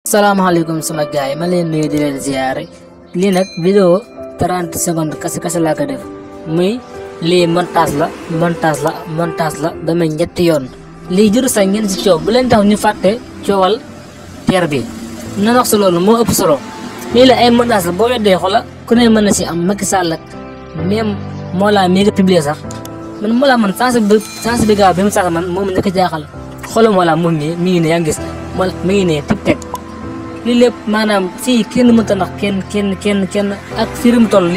Assalamualaikum sama gars yi ma leen nuyu di leen ziare lii nag vidéo 30 secondes kese kese laa ko def muy lii montage la montage la montage la damay ñetti yoon lii jëru sax ngeen si coow bu leen tax ñu fàtte coowal teer bi na wax si loolu moo ëpp solo lii la ay eh, montage la boo weddee xoola ku ne mën na am Macky Sall ak même Mollah mii nga publier sax man Mollah man sensibiliser bi mu sax man moom nekk jaaxal xoolal Mollah moom mii mi ngi ne yaa ngi gis mi ne tik tek li lépp maanaam si kenn mënta ndax kenn kenn kenn kenn ak si rim toll